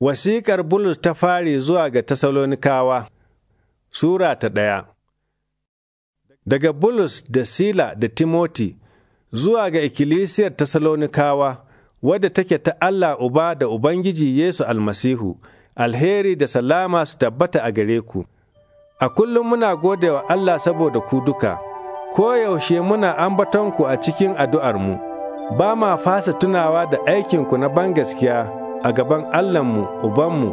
Wasiƙar Bulus ta fari zuwa ga Tasalonikawa Sura ta ɗaya Daga Bulus da Sila da Timoti zuwa ga ikkilisiyar Tasalonikawa wadda take ta Allah Uba da Ubangiji Yesu Almasihu, alheri da salama su tabbata a gare ku. A kullum muna gode wa Allah saboda ku duka, koyaushe muna ambatonku a cikin addu'armu, ba ma fasa tunawa da aikinku na bangaskiya. a gaban Allahnmu, Ubanmu,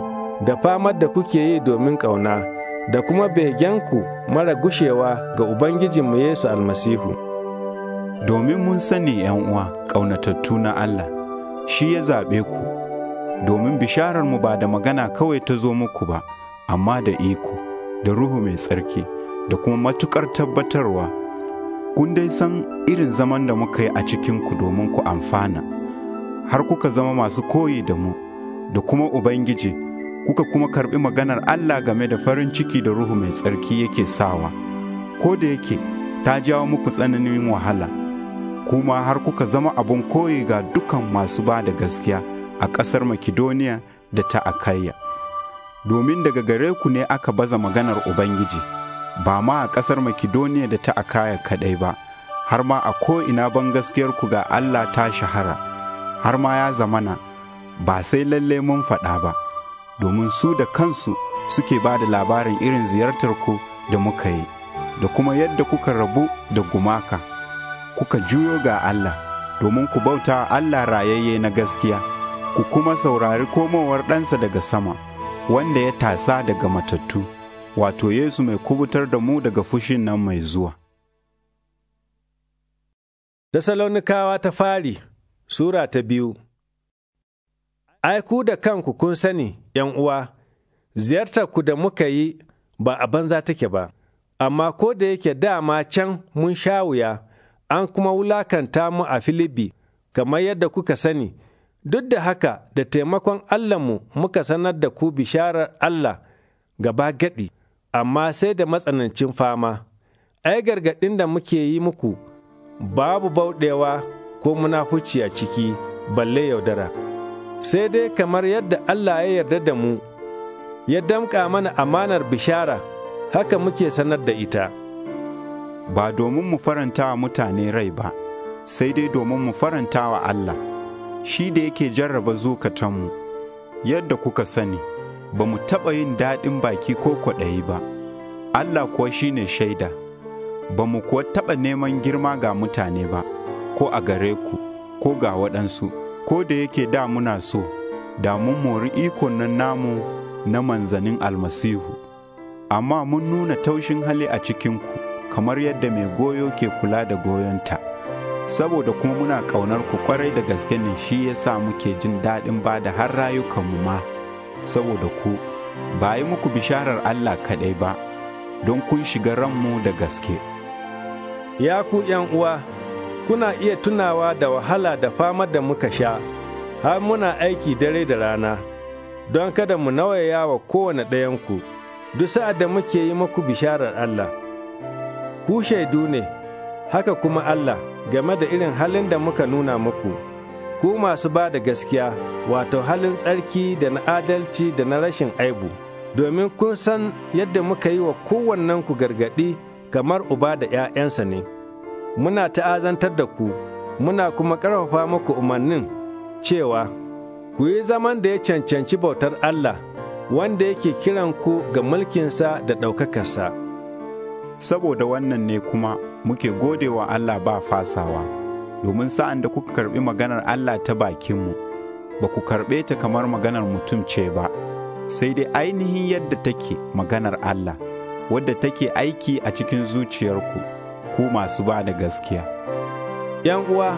da famar da kuke yi domin ƙauna, da kuma begenku mara gushewa ga Ubangijinmu Yesu almasihu. Domin mun sani uwa ƙaunatattu na Allah, shi ya zaɓe ku, domin bishararmu ba da magana kawai ta zo muku ba, amma da iko, da ruhu mai tsarki, da kuma matuƙar tabbatarwa. Kun dai san irin zaman da muka yi a cikinku domin ku amfana. har kuka zama masu koyi da mu da kuma Ubangiji, kuka kuma karɓi maganar Allah game da farin ciki da Ruhu mai tsarki yake sawa, ko da yake ta jawo muku tsananin wahala, kuma har kuka zama abin koyi ga dukan masu ba da gaskiya a ƙasar Makidoniya da ta Akayya. Domin daga gare ku ne aka baza maganar Ubangiji, ba ma a ƙasar Makidoniya da ta Akaya kaɗai ba, har ma a ko'ina ban gaskiyarku ga Allah ta shahara. har ma ya zamana ba sai lalle mun faɗa ba domin su da kansu suke ba da labarin irin ziyartar ku da muka yi da kuma yadda kuka rabu da gumaka kuka juyo ga Allah domin ku bauta Allah rayayye na gaskiya ku kuma saurari komowar ɗansa daga sama wanda ya tasa daga matattu wato Yesu mai kubutar da mu daga fushin nan mai zuwa. Tessalonikawa ta fari Sura ta biyu Ai, ku da kanku kun sani, ’yan uwa, ziyartar ku da muka yi ba a banza take ba, amma ko da yake dama can mun sha wuya, an kuma wulakanta mu a Filibi, kamar yadda kuka sani, duk da haka da taimakon Allahnmu muka sanar da ku bisharar Allah gaba gaɗi, amma sai da matsanancin fama. Ai, gargaɗin da muke yi muku, babu bauɗewa. ko munafuci a ciki balle yaudara sai dai kamar yadda Allah ya yarda da mu ya damƙa mana amanar bishara haka muke sanar da ita ba domin mu faranta wa mutane rai ba sai dai domin mu faranta wa Allah shi da yake jarraba zukatanmu yadda kuka sani ba mu taɓa yin daɗin baki ko kwaɗayi ba Allah kuwa shi ne shaida ba mu kuwa taɓa neman girma ga mutane ba ko a gare ku ko ga waɗansu ko da yake da muna so da mun mori ikon nan namu na manzanin almasihu amma mun nuna taushin hali a cikinku kamar yadda mai goyo ke kula da goyonta saboda kuma muna ƙaunar ku kwarai da gaske ne shi ya sa muke jin daɗin ba da har rayukanmu ma saboda ku ba yi muku bisharar Allah kaɗai ba don kun shiga ranmu da gaske. Ya ku uwa. kuna iya tunawa da wahala da fama da muka sha, har muna aiki dare da rana, don kada mu nawaya wa kowane ɗayanku, duk sa'ad da muke yi muku bisharar Allah. Ku shaidu ne, haka kuma Allah, game da irin halin da muka nuna muku, ku masu ba da gaskiya, wato halin tsarki da na adalci da na rashin aibu, domin kun san yadda muka yi wa kowannenku gargaɗi kamar uba da ‘ya'yansa ne. muna ta'azantar da ku, muna kuma ƙarfafa muku umarnin cewa, ku yi zaman da ya cancanci bautar Allah, wanda yake kiran ku ga mulkinsa da ɗaukakarsa. Saboda wannan ne kuma muke godewa Allah ba fasawa, domin sa'an da kuka karɓi maganar Allah ta bakinmu, ba ku karɓe ta kamar maganar mutum ce ba, sai dai ainihin yadda take maganar Allah, wadda take aiki a cikin zuciyarku. ku masu ba da gaskiya. ‘Yan uwa,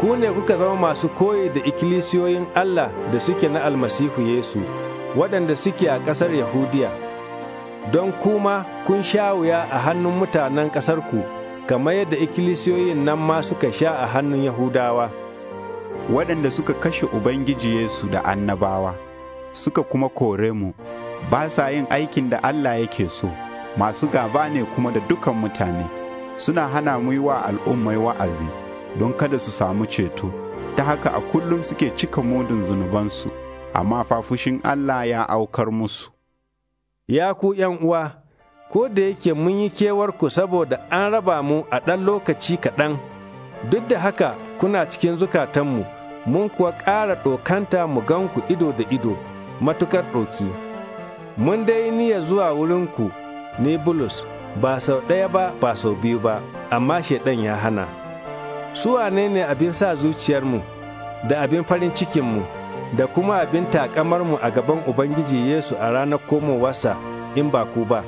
ku ne kuka zama masu koyi da ikkilisiyoyin Allah da suke na almasihu Yesu, waɗanda suke a ƙasar Yahudiya, don kuma kun sha wuya a hannun mutanen ƙasarku, kamar yadda ikkilisiyoyin nan ma suka sha a hannun Yahudawa. Waɗanda suka kashe Ubangiji Yesu da annabawa, suka kuma kore mu, ba sa yin aikin da Allah yake so, masu gaba ne kuma da dukan mutane. suna hana mu yi wa al'ummai wa'azi don kada su samu ceto ta haka a kullum suke cika mudun zunubansu amma fa fushin Allah ya aukar musu ya ku uwa ko da yake mun yi kewarku saboda an raba mu a ɗan lokaci kaɗan duk da haka kuna cikin zukatanmu mun kuwa ƙara ɗokanta mu ganku ido da ido matukar ɗoki mun dai niyya zuwa wurinku ne bulus ba sau ɗaya ba ba sau biyu ba amma shaidan ya hana su wanene ne abin sa zuciyarmu da abin farin cikinmu da kuma abin mu a gaban ubangiji yesu a ranar komowarsa in ba ku ba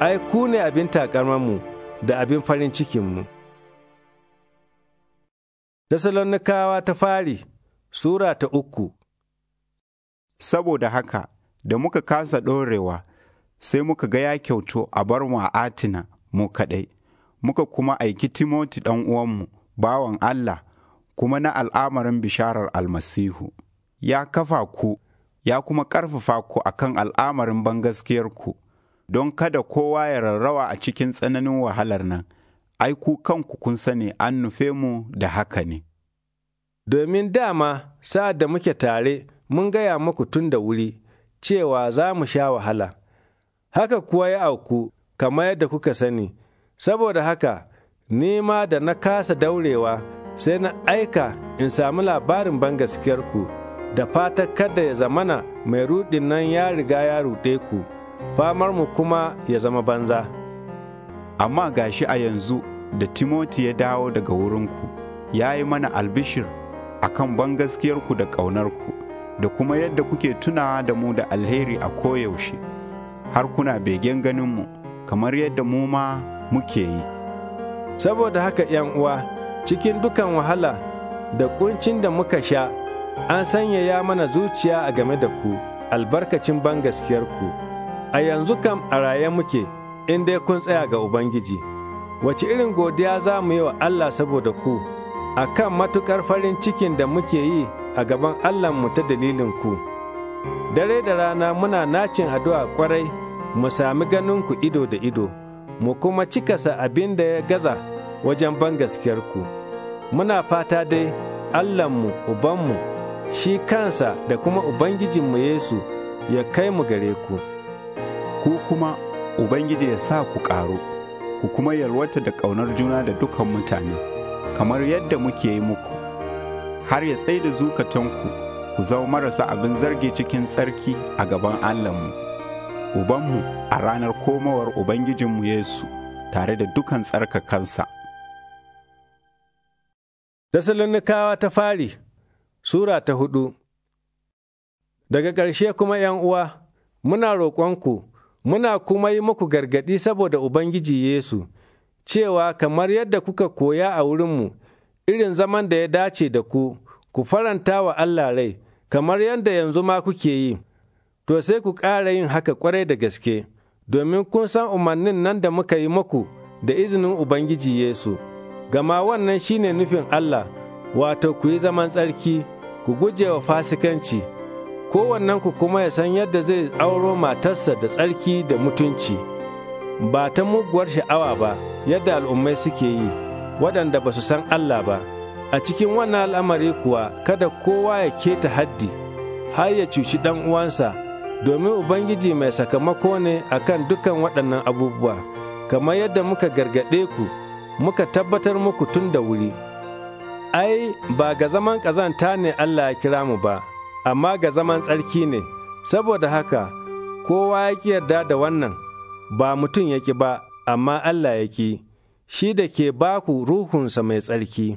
ai ku ne abin taƙamarmu da abin farin cikinmu tasalonikawa ta fari Sura ta uku Saboda haka, da muka kasa ɗorewa, sai muka ga ya kyautu a bar mu a Atina mu kaɗai, muka kuma aiki Timoti ɗan uwanmu, bawan Allah, kuma na al'amarin bisharar almasihu. Ya kafa ku, ya kuma ƙarfafa ku a kan al'amarin bangaskiyarku, don kada kowa ya rarrawa a cikin tsananin wahalar nan, ai ku kanku kun sani an nufe mu da haka ne. Domin dama, sa'ad da muke tare, mun gaya muku tun da wuri, cewa za mu sha wahala. haka kuwa ya auku kamar yadda kuka sani, saboda haka nema da na kasa daurewa sai na aika in sami labarin bangaskiyarku da fata kada ya zamana mai ruɗin nan ya riga ya ruɗe ku, famarmu kuma ya zama banza. Amma gashi a yanzu da Timoti ya dawo daga wurinku, ya yi mana albishir a kan bangaskiyarku da ƙaunarku, da kuma yadda kuke tunawa da mu da alheri a koyaushe. har kuna begen ganinmu kamar yadda mu ma muke yi. Saboda haka ‘yan uwa, cikin dukan wahala da kuncin da muka sha, an sanya ya mana zuciya a game da ku, albarkacin bangaskiyarku. A yanzu kam a raye muke, in dai kun tsaya ga Ubangiji. Wace irin godiya za mu yi wa Allah saboda ku, a kan matuƙar farin cikin da muke yi a gaban Allahnmu ta dalilin ku. dare da rana muna nacin addu'a kwarai mu sami ganinku ido da ido mu kuma cikasa abin da ya gaza wajen ban gaskiyarku muna fata dai allahnmu ubanmu shi kansa da kuma ubangijinmu yesu ya kai mu gare ku ku kuma ubangiji ya sa ku ƙaru ku kuma yalwata da ƙaunar juna da dukan mutane kamar yadda muke yi muku har ya tsaida zukatanku ku zama marasa abin zarge cikin tsarki a gaban Allahnmu, Ubanmu a ranar komawar Ubangijinmu Yesu tare da dukan tsarkakansa. Tessalonikawa ta fari Sura ta hudu Daga ƙarshe kuma ’yan uwa, muna roƙonku, muna kuma yi muku gargaɗi saboda Ubangiji Yesu, cewa kamar yadda kuka koya a wurinmu, irin zaman da ya dace da ku, ku faranta wa Allah rai, kamar yadda yanzu ma kuke yi, to sai ku ƙara yin haka ƙwarai da gaske, domin kun san umarnin nan da muka yi muku da izinin Ubangiji Yesu, gama wannan shi ne nufin Allah, wato ku yi zaman tsarki, ku guje wa fasikanci, ku kuma ya san yadda zai auro matarsa da tsarki da mutunci, ba ta muguwar sha'awa ba, yadda al'ummai suke yi, waɗanda ba su san Allah ba. A cikin wannan al'amari kuwa kada kowa ya keta haddi, har ya cuci ɗan uwansa, domin Ubangiji mai sakamako ne a kan dukan waɗannan abubuwa, kamar yadda muka gargaɗe ku, muka tabbatar muku tun da wuri. Ai, ba ga zaman ƙazanta ne Allah ya kira mu ba, amma ga zaman tsarki ne, saboda haka kowa ya ƙi yarda da wannan, ba mutum yake ba, amma Allah ya shi da ke baku ruhunsa mai tsarki.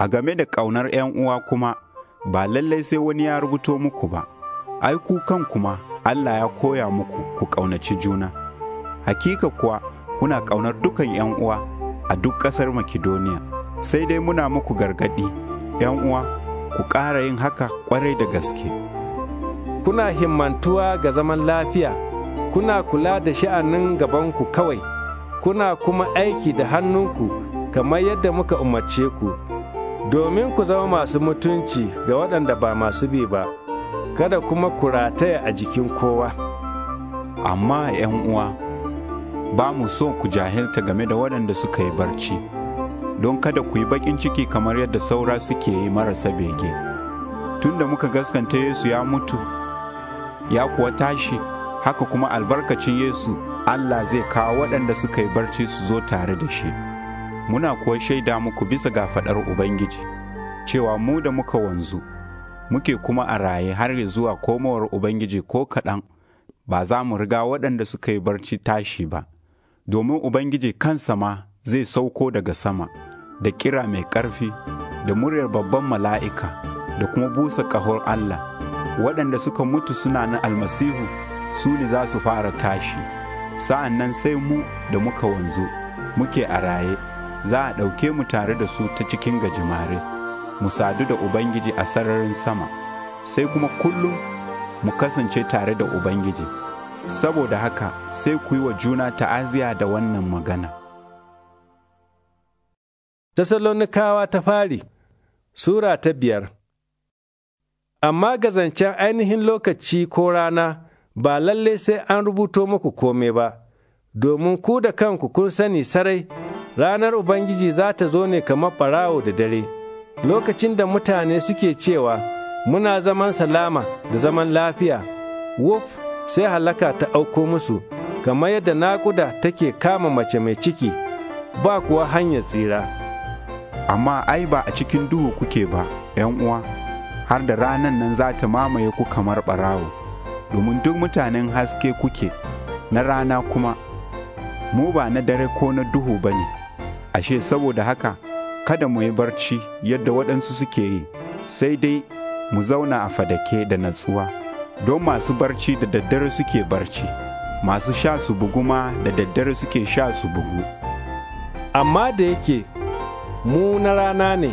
A game da ƙaunar uwa kuma, ba lallai sai wani ya rubuto muku ba, ai ku kan kuma Allah ya koya muku ku ƙaunaci juna. Hakika kuwa kuna ƙaunar dukan uwa a duk ƙasar Makidoniya, sai dai muna muku gargaɗi, uwa ku ƙara yin haka ƙwarai da gaske. Kuna himmantuwa ga zaman lafiya, kuna kula da sha'anin gabanku kawai, kuna kuma aiki da hannunku kamar yadda muka umarce ku. domin ku zama masu mutunci ga waɗanda ba masu bi ba, kada kuma ku rataya a jikin kowa. Amma ‘yan uwa, ba mu so ku jahilta game da waɗanda suka yi barci, don kada ku yi baƙin ciki kamar yadda saura suke yi marasa bege. Tunda muka gaskanta Yesu ya mutu, ya kuwa tashi, haka kuma albarkacin Yesu Allah zai kawo waɗanda suka yi barci su zo tare da shi. muna kuwa shaida muku bisa ga faɗar Ubangiji, cewa mu da muka wanzu, muke kuma a raye har zuwa komowar Ubangiji ko kaɗan, ba za mu riga waɗanda suka yi barci tashi ba, domin Ubangiji kansa ma zai sauko daga sama, da kira mai ƙarfi, da muryar babban mala'ika, da kuma busa ƙahor Allah, waɗanda suka mutu suna na almasihu, su ne za su fara tashi, sa'an nan sai mu da muka wanzu, muke a raye. za a ɗauke mu tare da su ta cikin gajimare mu sadu da ubangiji a sararin sama sai kuma kullum mu kasance tare da ubangiji saboda haka sai ku yi wa juna ta'aziya da wannan magana Tasalonikawa ta fari Sura ta biyar Amma gazancen ainihin lokaci ko rana ba lalle sai an rubuto muku kome ba, domin ku da kanku kun sani sarai ranar Ubangiji za ta zo ne kamar farawo da dare, lokacin da mutane suke cewa muna zaman salama da zaman lafiya, wuf sai halaka ta auko musu, kamar yadda naƙuda take kama mace mai ciki, ba kuwa hanyar tsira. Amma ai ba a cikin duhu kuke ba, ‘yan uwa, har da ranan nan za ta mamaye ku kamar ɓarawo, domin duk mutanen haske kuke, na rana kuma, mu ba na dare ko na duhu ba ne. ashe saboda haka kada mu yi barci yadda waɗansu suke yi sai dai mu zauna a fadake da natsuwa don masu barci da daddare suke barci masu sha su bugu ma da daddare suke sha su bugu amma da yake mu na rana ne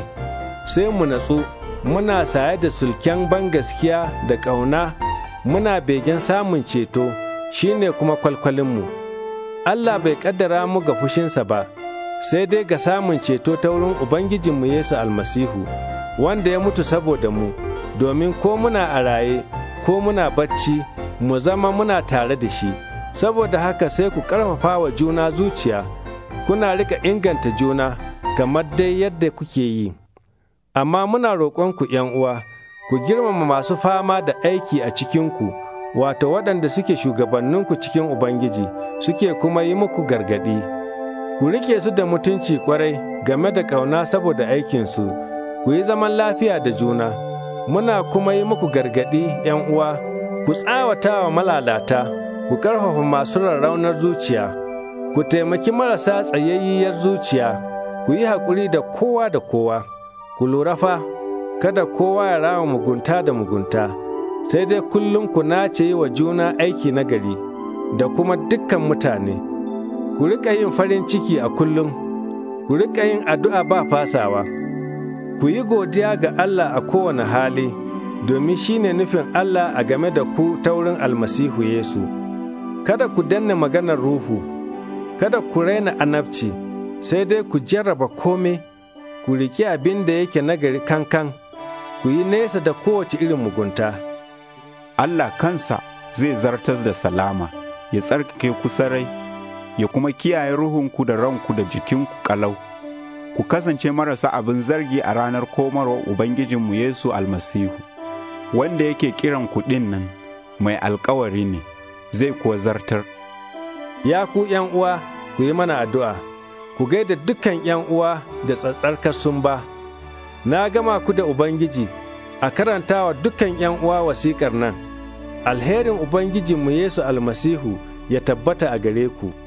sai mu natsu muna saye da sulken ban gaskiya da ƙauna muna begen samun ceto shine kuma kwalkwalinmu Allah bai ƙaddara mu ga fushinsa ba. sai dai ga samun ceto ta wurin Ubangijinmu Yesu almasihu, wanda ya mutu saboda mu, domin ko muna a raye, ko muna bacci, mu zama muna tare da shi, saboda haka sai ku ƙarfafa wa juna zuciya, kuna rika inganta juna, kamar dai yadda kuke yi. Amma muna roƙonku uwa, ku girmama masu fama da aiki a cikinku, wato waɗanda suke shugabanninku cikin Ubangiji, suke kuma yi muku gargaɗi. ku rike su da mutunci kwarai game da ƙauna saboda aikinsu, ku yi zaman lafiya da juna, muna kuma yi muku gargaɗi uwa, ku tsawata wa malalata, ku ƙarfafa masu rarraunar zuciya, ku taimaki marasa tsayayyiyar zuciya, ku yi haƙuri da kowa da kowa, ku lura fa, kada kowa ya rama mugunta da mugunta, sai dai kullum ku nace yi wa juna aiki nagari da kuma dukkan mutane. ku riƙa yin farin ciki a kullum, ku riƙa yin addu'a ba fasawa, ku yi godiya ga Allah a kowane hali, domin shi ne nufin Allah a game da ku ta wurin almasihu Yesu. Kada ku danne maganar ruhu, kada ku raina anabci, sai dai ku jarraba kome, ku riƙe abin da yake nagari kankan, ku yi nesa da kowace irin mugunta. Allah kansa zai zartas da salama, ya tsarkake kusarai. ya kuma kiyaye ruhunku da ranku da jikinku kalau. Ku kasance marasa abin zargi a ranar komarwa Ubangijinmu Yesu almasihu, wanda yake kiran kuɗin nan mai alkawari ne, zai kuwa zartar. Ya ku uwa ku yi mana addu'a, ku gaida dukkan uwa da tsatsarkar sun ba. Na gama ku da Ubangiji, a karanta karantawa dukkan uwa wasikar nan. Alherin Ubangijinmu Yesu almasihu ya tabbata a gare ku.